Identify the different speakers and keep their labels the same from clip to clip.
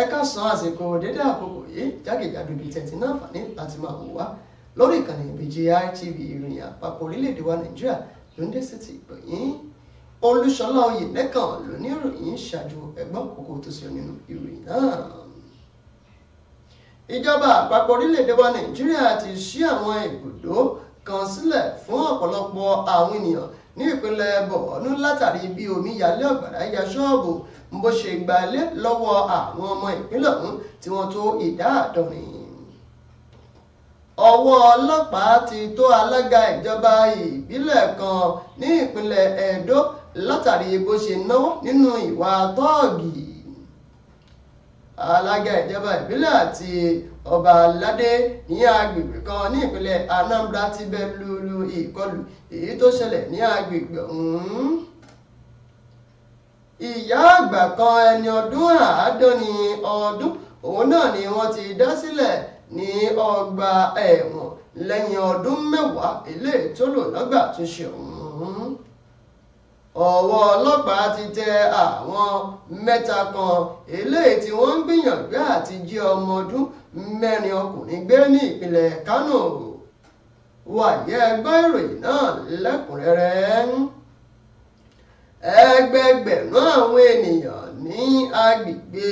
Speaker 1: ẹ ká sọ àsìkò dédé àkókò yìí jákèjádò ibi tẹ̀tí náà fàní láti máa wò wá lórí ìkànnì BGI TV ìròyìn àpapọ̀ orílẹ̀-èdè wa nàìjíríà ló ń dé sí ti ìgbọ̀nyìn olúṣọlá oyè lẹ́kàn ló ní ìròyìn ṣáájú ẹgbọ́n kókó tó sọ nínú ìròyìn náà ìjọba àpapọ̀ orílẹ̀-èdè wa nàìjíríà ti ṣí àwọn ibùdó kan sílẹ̀ fún ọ̀pọ̀lọpọ̀ àwọn ènìyàn ní ìpínlẹ̀ Borno látàrí bí omi yalé ọ̀gbàrá ya ṣọ́ọ̀bù bó ṣe gbalé lọ́wọ́ àwọn ọmọ ìpínlẹ̀ ọ̀hún tí wọ́n tó ìdá àádọ́rin ọwọ́ ọlọ́pàá ti tó alága ìjọba ìbílẹ̀ kan ní ìpínlẹ̀ Edo látàrí bó ṣe náwó nínú ìwà tọ́ọ̀gì alága ìjọba ìbílẹ̀ àti ọba aládé ní agbègbè kan ní ìpínlẹ̀ Anambra ti bẹ̀lú ìkọlù èyí tó ṣẹlẹ̀ ní agbègbè ọ̀hún ìyá àgbà kan ẹni ọdún àádọ́ni ọdún òun náà ni wọ́n ti dá sílẹ̀ ní ọgbà ẹ̀wọ̀n lẹ́yìn ọdún mẹ́wàá ilé tó lò lọ́gbà tó ṣe ọ̀hún ọwọ́ ọlọ́pàá ti tẹ àwọn mẹ́ta kan eléyìí tí wọ́n ń gbìyànjú àti jí ọmọ ọdún mẹ́rin ọkùnrin gbé ní ìpínlẹ̀ Kánò wàyẹ ẹgbẹ́ ìròyìn náà lẹ́kùnrẹ́rẹ́ ẹgbẹgbẹ̀rún àwọn ènìyàn ní agbègbè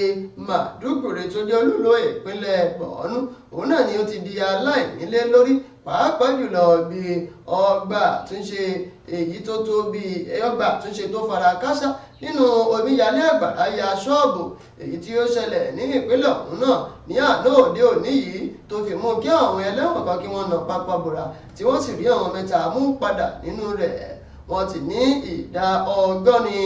Speaker 1: Màdúgùrè tó jẹ́ olúlo ìpínlẹ̀ Borno òun náà ni ó ti di aláìnílé lórí pàápàá jùlọ bí ọgbà àtúnṣe èyí tó tó bí ọgbà àtúnṣe tó fara kásá nínú omíyalé àgbàrá ya ṣọ́ọ̀bù èyí tí ó ṣẹlẹ̀ ní ìpínlẹ̀ ọ̀hún náà ní àná òde òní yìí tó fi mú kí àwọn ẹlẹ́wọ̀n kan kí wọ́n nà pápá bòrà tí wọ́n sì rí àwọn mẹ́ta mú padà nínú rẹ̀ wọ́n ti ní ìdá ọgọ́ni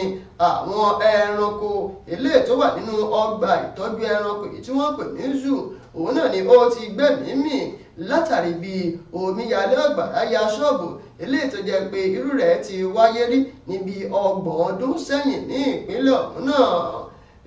Speaker 1: àwọn ẹranko eléyìí tó wà nínú ọgbà ìtọ́jú ẹranko èyí tí wọ́n pè ní zoo òun náà ni ó ti gbẹ̀mí mì látàrí bí omíyalé ọ̀gbàrá ya ṣọ́ọ̀bù eléyìí tó jẹ́ pé irú rẹ̀ ti wáyé rí níbi ọgbọ̀n ọdún sẹ́yìn ní ìpínlẹ̀ ọ̀hún náà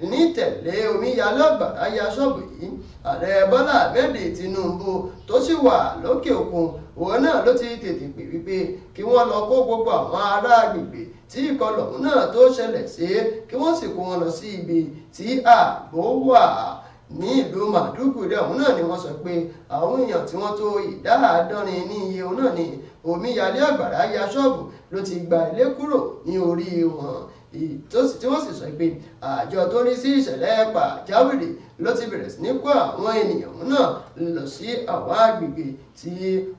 Speaker 1: ní tẹ̀lé omíyalé ọ̀gbàrá ya ṣọ́ọ̀bù yìí ààrẹ bọ́lá ahmed tinubu tó sì wà lókè òkun òun náà ló ti tètè pè wípé kí wọ́n lọ kó gbogbo àwọn ará agbègbè tí ìkọlù ọ̀hún náà tó ṣẹlẹ̀ sí kí wọ́n sì kó wọn lọ sí ibi tí ààbò wà ní ìlú màdúgùrí ọ̀hún náà ni wọ́n sọ pé àwọn èèyàn tí wọ́n tó ìdá àádọ́rin ní iye òun náà ni omíyalé àgbàrá ya ṣọ́ọ̀bù ló ti gba ilé kúrò ní orí wọn tí wọ́n sì sọ pé àjọ tó rí sí ìṣẹ̀lẹ̀ pàjáwìrì ló ti bẹ̀rẹ̀ sí ní kó àwọn ènìyàn náà lọ sí àwọn àgbègbè tí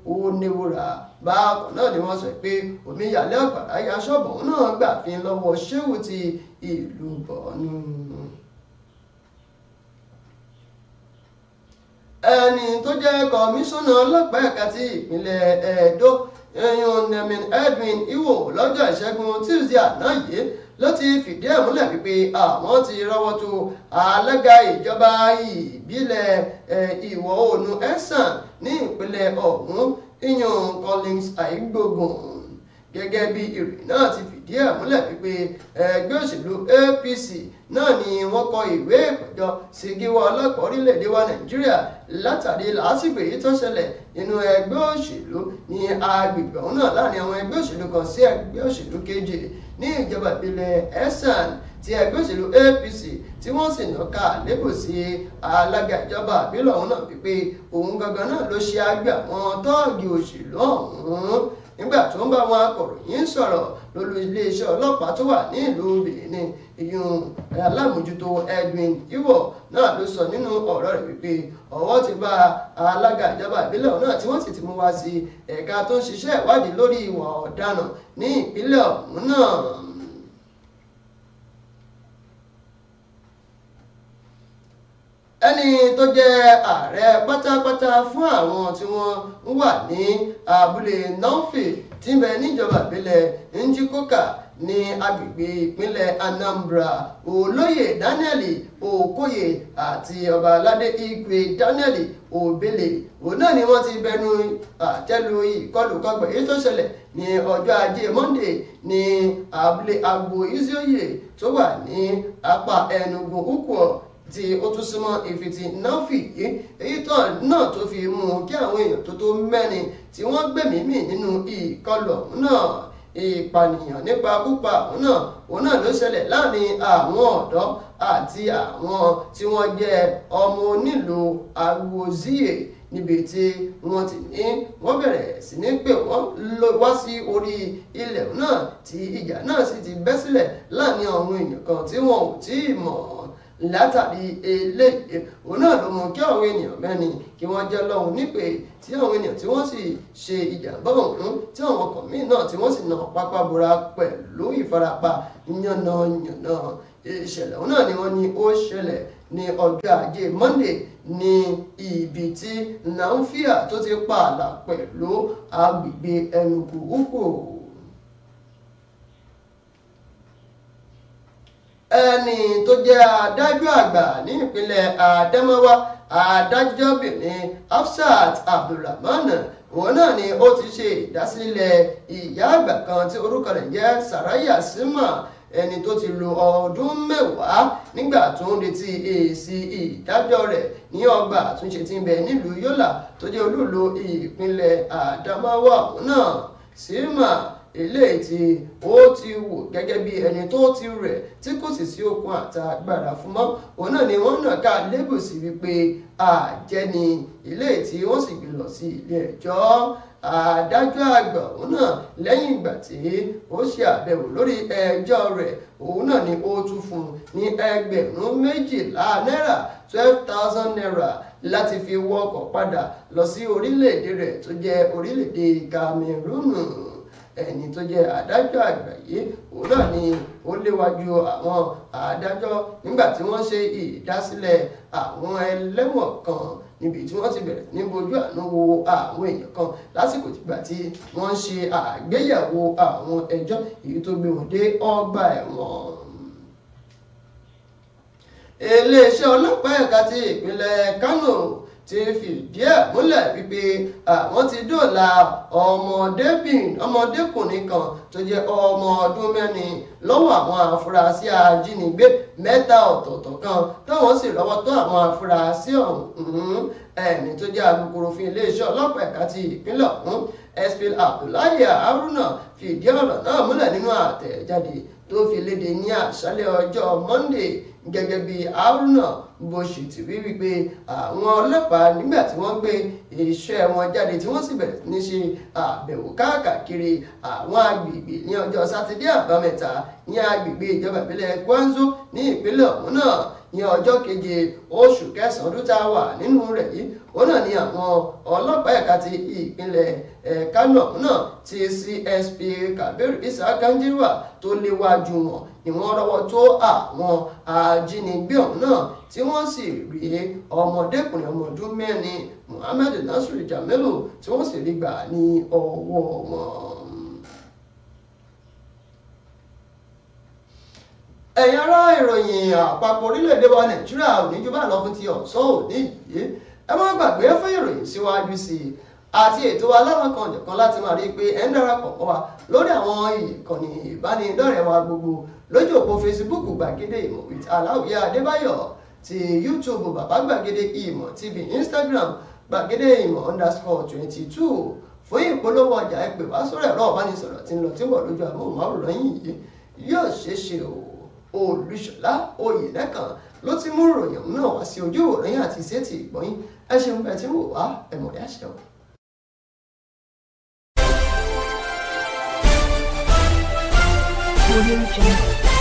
Speaker 1: ó níwúra bákan náà ni wọ́n sọ pé omíyalé àgbàrá ya ṣọ́ọ̀bù náà gbà fi lọ́wọ́ ṣéwù ti ìlú bọ̀ọ̀nù. ẹni tó jẹ́ kọmíṣánná ọlọ́pàá ẹ̀ka ti ìpínlẹ̀ Ẹdó ẹyún nemin Edwin Iwo lọ́jọ́ ìṣẹ́gun Tuesday àná yìí ló ti fìdí ẹ̀ múlẹ̀ wípé àwọn ti rọ́wọ́ tó alága ìjọba ìbílẹ̀ ìwọ̀ oòrùn ẹ̀sán ní ìpínlẹ̀ ọ̀hún ìyún Collins àìgbógun gẹ́gẹ́ bí ìrè náà ti fìdí ẹ̀ múlẹ̀ wípé ẹgbẹ́ òṣèlú APC náà ni wọ́n kọ ìwé ìpẹ̀jọ́ sí gíwá ọlọ́pàá orílẹ̀-èdè wa Nàìjíríà látàrí làásìgbè yìí tó ṣẹlẹ̀ nínú ẹgbẹ́ òṣèlú ní agbègbè ọ̀hún náà láàrin àwọn ẹgbẹ́ òṣèlú kan sí ẹgbẹ́ òṣèlú kejì ní ìjọba ìbílẹ̀ esan ti ẹgbẹ́ òṣèlú APC tí wọ́n sì nàka lébò sí alága ìjọba àbílẹ̀ ọ̀hún náà wípé òun gangan náà ló ṣe àgbà àwọn tọ́ọ̀gì òṣèlú ọ̀hún bá wọn akọ̀ròyìn sọ̀rọ̀ lólú iléeṣẹ́ ọlọ́pàá tó wà ní ìlú Bìíní ìyún eh, alámòjútó Edwin Iwo náà ló sọ nínú ọ̀rọ̀ rẹ̀ wípé ọwọ́ ti bá alága ìjọba ìbílẹ̀ ọ̀hún náà tí wọ́n sì ti mú wá sí ẹ̀ka tó ń ṣiṣẹ́ ìwádìí lórí ìwà ọ̀daràn ní ìpínlẹ̀ ọ̀hún náà. ẹni tó jẹ́ ààrẹ pátápátá fún àwọn tí wọ́n wà ní abúlé nọ́ọ̀fì tí ń bẹ níjọba ìbílẹ̀ njikoka ní agbègbè ìpínlẹ̀ Anambra olóyè Daniel Okoye àti ọba aládé Igwe Daniel Obele òun náà ni wọ́n ti bẹnu àtẹ́lu ìkọlùkọgbà èyí tó ṣẹlẹ̀ ní ọjọ́ ajé Monday ní abúlé agbo Izioye tó wà ní apá Enugu Ukwo tí ó tún súnmọ́ ìfìtì náfì yìí èyí náà tó fi mú kí àwọn èèyàn tó tó mẹ́rin tí wọ́n gbẹ̀mí mì nínú ìkọlù ọ̀hún náà ìpànìyàn nípa púpà ọ̀hún náà òun náà ló ṣẹlẹ̀ láàrin àwọn ọ̀dọ́ àti àwọn tí wọ́n jẹ́ ọmọ onílù Awòzíyè níbi tí wọ́n ti ní wọ́n bẹ̀rẹ̀ sí ní pé wọ́n lọ wá sí orí ilẹ̀ náà tí ìjà náà sì ti bẹ́ sílẹ̀ láàrin àwọn èèyàn kan tí wọ́n ò tí ì mọ̀ látàrí ilé òun náà ló mú kí àwọn ènìyàn mẹ́rin kí wọ́n jẹ́ lọ́hùn nípè tí àwọn ènìyàn tí wọ́n sì ṣe ìjàmbá ọ̀hún tí àwọn ọkọ̀ míì náà tí wọ́n sì nà pápá bora pẹ̀lú ìfarapa yànnàyànnà ìṣẹ̀lẹ̀ òun náà ni wọ́n ní ó ṣẹlẹ̀ ní ọjọ́ ajé Monday ní ibi tí nàìjíríà tó ti pààlà pẹ̀lú agbègbè ẹnukú ukwu ẹni tó jẹ́ adájọ́ àgbà ní ìpínlẹ̀ Adamawa adájọ́bìnrin Hafsat Abdulrahman òun náà ni ó ti ṣe ìdásílẹ̀ ìyá àgbà kan tí orúkọ rẹ̀ jẹ́ Saraya Sima ẹni tó ti lo ọdún mẹ́wàá nígbà tó ń retí èsì ìdájọ́ rẹ̀ ní ọgbà àtúnṣe tí ń bẹ nílùú Yọlà tó jẹ́ olúùlú ìpínlẹ̀ Adamawa òun náà Sima eléyìí tí ó ti wò gẹ́gẹ́ bí ẹni tó ti rẹ̀ tí kò sì sí okun àtàgbàrà fún mọ́ òun náà ni wọ́n nà ká lébùsì wípé àjẹni eléyìí tí ó sì gbé lọ sí ilé ẹjọ́ adájọ́ àgbà òun náà lẹ́yìn ìgbà tí ó ṣe àbẹ̀wò lórí ẹjọ́ rẹ̀ òun náà ni ó tún fún un ní ẹgbẹ̀rún méjìlá náírà twelve thousand naira láti fi wọkọ̀ padà lọ sí orílẹ̀-èdè rẹ̀ tó jẹ́ orílẹ̀-èdè Cameroon ẹni tó jẹ́ adájọ́ àgbà yìí òun náà ni ó léwájú àwọn adájọ́ nígbà tí wọ́n ṣe ìdásílẹ̀ àwọn ẹlẹ́wọ̀n kan níbi tí wọ́n ti bẹ̀rẹ̀ ní bojú àánú wo àwọn èèyàn kan lásìkò tìgbà tí wọ́n ń ṣe àgbéyẹ̀wò àwọn ẹjọ́ èyí tó gbé wọn dé ọgbà ẹ̀wọ̀n iléeṣẹ́ ọlọ́pàá ẹ̀ka ti ìpínlẹ̀ Kánò ti fìdí ẹ̀ múlẹ̀ wípé àwọn ti dóòlà ọmọdébìnrin ọmọdékùnrin kan tó jẹ́ ọmọ ọdún mẹ́rin lọ́wọ́ àwọn afurasí ajínigbé mẹ́ta ọ̀tọ̀ọ̀tọ̀ kan táwọn sì rọ́wọ́ tó àwọn afurasí ọ̀hún ẹni tó jẹ́ alukoro fún iléeṣẹ́ ọlọ́pàá ẹ̀ka ti ìpínlẹ̀ ọ̀hún sp abdullahi haruna fìdí ọ̀rọ̀ náà múlẹ̀ nínú àtẹ̀jáde tó fi léde ní àṣálẹ́ ọjọ́ monday gẹ́gẹ́ bí haruna bó ṣe ti rí wípé àwọn ọlọ́pàá nígbà tí wọ́n gbé iṣẹ́ wọn jáde tí wọ́n sì bẹ̀rẹ̀ ní ṣe àbẹ̀wò káàkiri àwọn agbègbè ní ọjọ́ sátidé àbámẹ́ta ní agbègbè ìjọba ìpínlẹ̀ Kwanzo ní ìpínlẹ̀ ọ̀hún náà ní ọjọ́ keje oṣù kẹsàn-án ọdún tá a wà nínú rẹ̀ yìí òun náà ni àwọn ọlọ́pàá ẹ̀ka ti ìpínlẹ̀ eh, Kánò náà ti CSP Kabiru Isa Kanjiwa tó léwájú wọn ni wọ́n tó àwọn ajínigbé ọ̀hún náà tí wọ́n sì rí ọmọdékùnrin ọmọ mẹ́rin Muhammed Nasiru Jamilu tí wọ́n sì rí gbà ní ọwọ́ wọn. ẹ̀yin ará ìròyìn àpapọ̀ orílẹ̀-èdè wa nàìjíríà ò ní ju bá lọ fún ti ọ̀sán òní yìí ẹ má gbàgbé fún ìròyìn síwájú sí i àti ètò wa láwọn kan jọ̀kan láti máa rí i pé ẹ ń darapọ̀ mọ́ wa lórí àwọn ìkànnì ìbánidọ́rẹ̀ẹ́ wa gbogbo lójú òpó facebook gbàgede ìmọ̀ with aláwìyá adébáyọ̀ ti youtube bàbá gbàgede ìmọ̀ tv instagram gbàgede ìmọ̀ underscore twenty two fún ìpolówó ọjà ẹ pè wá sórí ẹ̀rọ ìbánisọ̀rọ̀ tí ń lọ tí wọ̀ lójú àmóhùnmáwòrán yìí yóò ṣeé ṣe o olùṣọlá oyèlẹ́kan ló ti mú ròyìn náà wá sí ojú ìwòran àti ìṣètì ìgbọ̀nyìn ẹ ṣeun bẹ́ẹ̀ tí wò wá ẹ̀mọ̀rẹ́ àṣẹ o. Audio